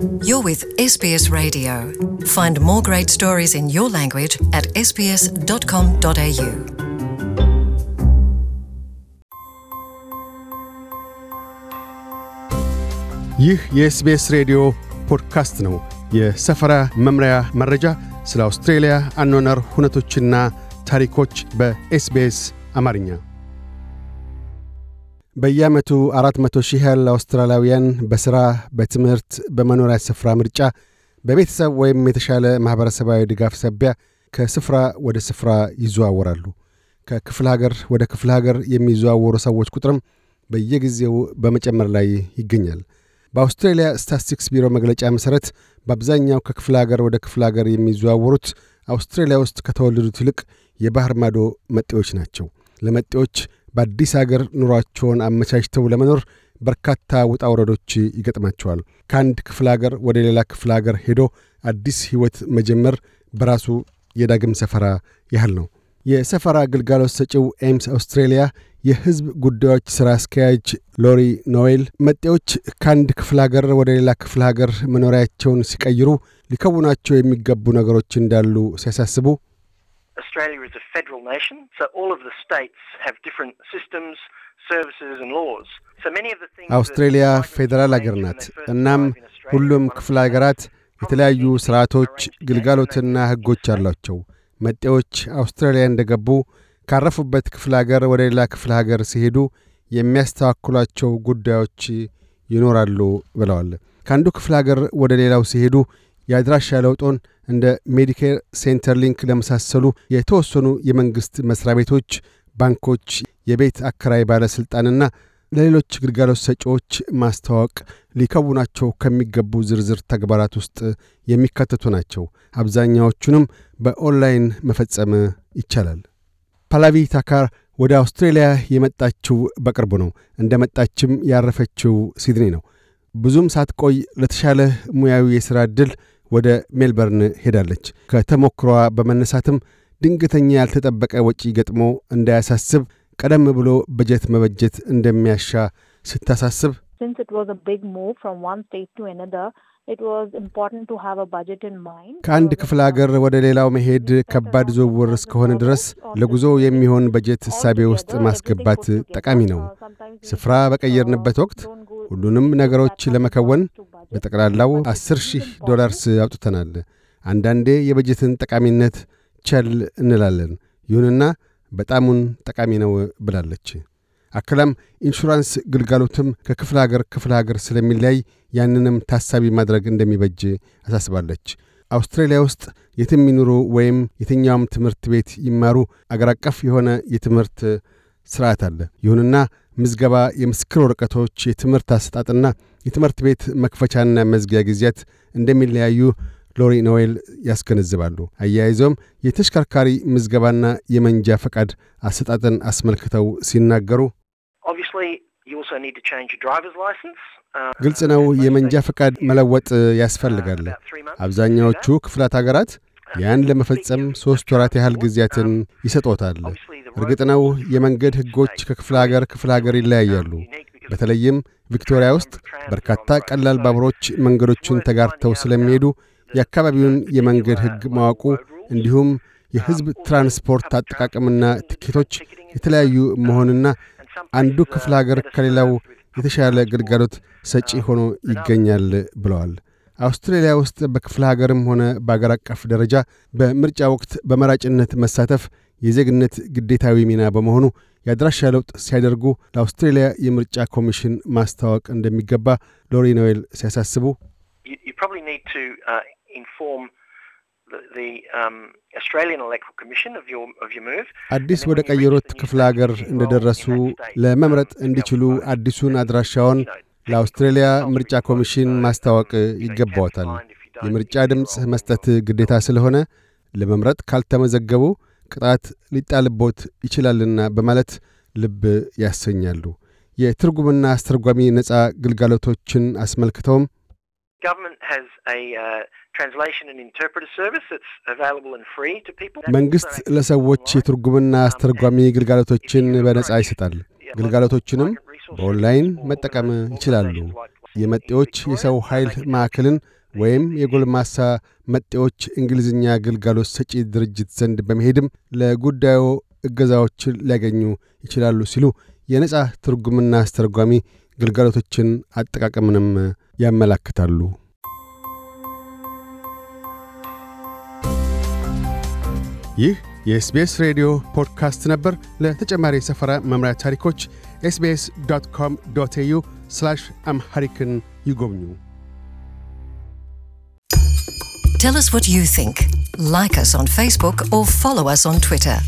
You're with SBS Radio. Find more great stories in your language at sbs.com.au. ይህ የኤስቤስ ሬዲዮ ፖድካስት ነው። የሰፈራ መምሪያ መረጃ፣ ስለ አውስትሬልያ አኗኗር ሁነቶችና ታሪኮች በኤስቤስ አማርኛ በየዓመቱ 400 ሺህ ያህል አውስትራሊያውያን በሥራ፣ በትምህርት፣ በመኖሪያ ስፍራ ምርጫ፣ በቤተሰብ ወይም የተሻለ ማኅበረሰባዊ ድጋፍ ሰቢያ ከስፍራ ወደ ስፍራ ይዘዋወራሉ። ከክፍለ ሀገር ወደ ክፍለ ሀገር የሚዘዋወሩ ሰዎች ቁጥርም በየጊዜው በመጨመር ላይ ይገኛል። በአውስትሬልያ ስታስቲክስ ቢሮ መግለጫ መሠረት በአብዛኛው ከክፍለ ሀገር ወደ ክፍለ ሀገር የሚዘዋወሩት አውስትሬልያ ውስጥ ከተወለዱት ይልቅ የባህር ማዶ መጤዎች ናቸው። ለመጤዎች በአዲስ አገር ኑሯቸውን አመቻችተው ለመኖር በርካታ ውጣ ውረዶች ይገጥማቸዋል። ከአንድ ክፍለ አገር ወደ ሌላ ክፍለ አገር ሄዶ አዲስ ሕይወት መጀመር በራሱ የዳግም ሰፈራ ያህል ነው። የሰፈራ አገልጋሎት ሰጪው ኤምስ አውስትሬልያ የሕዝብ ጉዳዮች ሥራ አስኪያጅ ሎሪ ኖዌል መጤዎች ከአንድ ክፍለ ሀገር ወደ ሌላ ክፍለ ሀገር መኖሪያቸውን ሲቀይሩ ሊከውናቸው የሚገቡ ነገሮች እንዳሉ ሲያሳስቡ Australia is a federal nation, so all of the states have different systems, services and laws. አውስትሬሊያ ፌዴራል federal ናት። እናም ሁሉም ክፍለ አገራት የተለያዩ ስርዓቶች፣ ግልጋሎትና ህጎች አሏቸው። መጤዎች አውስትራሊያ እንደገቡ ካረፉበት ክፍለ ሀገር ወደ ሌላ ክፍለ ሀገር ሲሄዱ የሚያስተዋክሏቸው ጉዳዮች ይኖራሉ ብለዋል። ከአንዱ ክፍለ ሀገር ወደ ሌላው ሲሄዱ የአድራሻ ለውጦን እንደ ሜዲኬር፣ ሊንክ ለመሳሰሉ የተወሰኑ የመንግሥት መሥሪያ ቤቶች፣ ባንኮች፣ የቤት አከራይ ባለሥልጣንና ለሌሎች ግልጋሎት ሰጪዎች ማስተዋወቅ ሊከውናቸው ከሚገቡ ዝርዝር ተግባራት ውስጥ የሚካተቱ ናቸው። አብዛኛዎቹንም በኦንላይን መፈጸም ይቻላል። ፓላቪ ታካር ወደ አውስትሬልያ የመጣችው በቅርቡ ነው። እንደ መጣችም ያረፈችው ሲድኒ ነው። ብዙም ሳትቆይ ለተሻለ ሙያዊ የሥራ ዕድል ወደ ሜልበርን ሄዳለች። ከተሞክሯ በመነሳትም ድንገተኛ ያልተጠበቀ ወጪ ገጥሞ እንዳያሳስብ ቀደም ብሎ በጀት መበጀት እንደሚያሻ ስታሳስብ ከአንድ ክፍለ አገር ወደ ሌላው መሄድ ከባድ ዝውውር እስከሆነ ድረስ ለጉዞ የሚሆን በጀት እሳቤ ውስጥ ማስገባት ጠቃሚ ነው። ስፍራ በቀየርንበት ወቅት ሁሉንም ነገሮች ለመከወን በጠቅላላው አስር ሺህ ዶላርስ አውጥተናል። አንዳንዴ የበጀትን ጠቃሚነት ቸል እንላለን። ይሁንና በጣሙን ጠቃሚ ነው ብላለች። አክላም ኢንሹራንስ ግልጋሎትም ከክፍለ አገር ክፍለ አገር ስለሚለያይ ያንንም ታሳቢ ማድረግ እንደሚበጅ አሳስባለች። አውስትራሊያ ውስጥ የትም ይኑሩ ወይም የትኛውም ትምህርት ቤት ይማሩ አገር አቀፍ የሆነ የትምህርት ስርዓት አለ። ይሁንና ምዝገባ፣ የምስክር ወረቀቶች፣ የትምህርት አሰጣጥና የትምህርት ቤት መክፈቻና መዝጊያ ጊዜያት እንደሚለያዩ ሎሪ ኖዌል ያስገነዝባሉ። አያይዘውም የተሽከርካሪ ምዝገባና የመንጃ ፈቃድ አሰጣጥን አስመልክተው ሲናገሩ uh, ግልጽ ነው፣ የመንጃ ፈቃድ uh, መለወጥ ያስፈልጋል። አብዛኛዎቹ ክፍላት አገራት ያን ለመፈጸም ሦስት ወራት ያህል ጊዜያትን ይሰጦታል። እርግጥ ነው የመንገድ ሕጎች ከክፍለ አገር ክፍለ አገር ይለያያሉ። በተለይም ቪክቶሪያ ውስጥ በርካታ ቀላል ባቡሮች መንገዶችን ተጋርተው ስለሚሄዱ የአካባቢውን የመንገድ ሕግ ማወቁ እንዲሁም የሕዝብ ትራንስፖርት አጠቃቀምና ትኬቶች የተለያዩ መሆንና አንዱ ክፍለ አገር ከሌላው የተሻለ ግልጋሎት ሰጪ ሆኖ ይገኛል ብለዋል። አውስትራሊያ ውስጥ በክፍለ ሀገርም ሆነ በአገር አቀፍ ደረጃ በምርጫ ወቅት በመራጭነት መሳተፍ የዜግነት ግዴታዊ ሚና በመሆኑ የአድራሻ ለውጥ ሲያደርጉ ለአውስትሬልያ የምርጫ ኮሚሽን ማስታወቅ እንደሚገባ ሎሪ ኖዌል ሲያሳስቡ አዲስ ወደ ቀየሮት ክፍለ ሀገር እንደደረሱ ለመምረጥ እንዲችሉ አዲሱን አድራሻውን ለአውስትሬልያ ምርጫ ኮሚሽን ማስታወቅ ይገባዎታል። የምርጫ ድምፅ መስጠት ግዴታ ስለሆነ ለመምረጥ ካልተመዘገቡ ቅጣት ሊጣልቦት ይችላልና በማለት ልብ ያሰኛሉ። የትርጉምና አስተርጓሚ ነጻ ግልጋሎቶችን አስመልክተውም uh, መንግሥት ለሰዎች የትርጉምና አስተርጓሚ ግልጋሎቶችን በነጻ ይሰጣል። ግልጋሎቶችንም በኦንላይን መጠቀም ይችላሉ። የመጤዎች የሰው ኃይል ማዕከልን ወይም የጎልማሳ መጤዎች እንግሊዝኛ ግልጋሎት ሰጪ ድርጅት ዘንድ በመሄድም ለጉዳዩ እገዛዎችን ሊያገኙ ይችላሉ ሲሉ የነጻ ትርጉምና አስተርጓሚ ግልጋሎቶችን አጠቃቀምንም ያመላክታሉ። ይህ የኤስቤስ ሬዲዮ ፖድካስት ነበር። ለተጨማሪ የሰፈራ መምሪያ ታሪኮች ኤስቤስ ዶት ኮም ዶት ኤዩ አምሐሪክን ይጎብኙ። Tell us what you think. Like us on Facebook or follow us on Twitter.